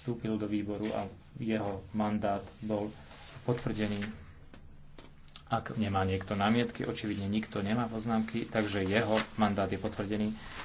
vstúpil do výboru a jeho mandát bol potvrdený. Ak nemá niekto námietky, očividne nikto nemá poznámky, takže jeho mandát je potvrdený.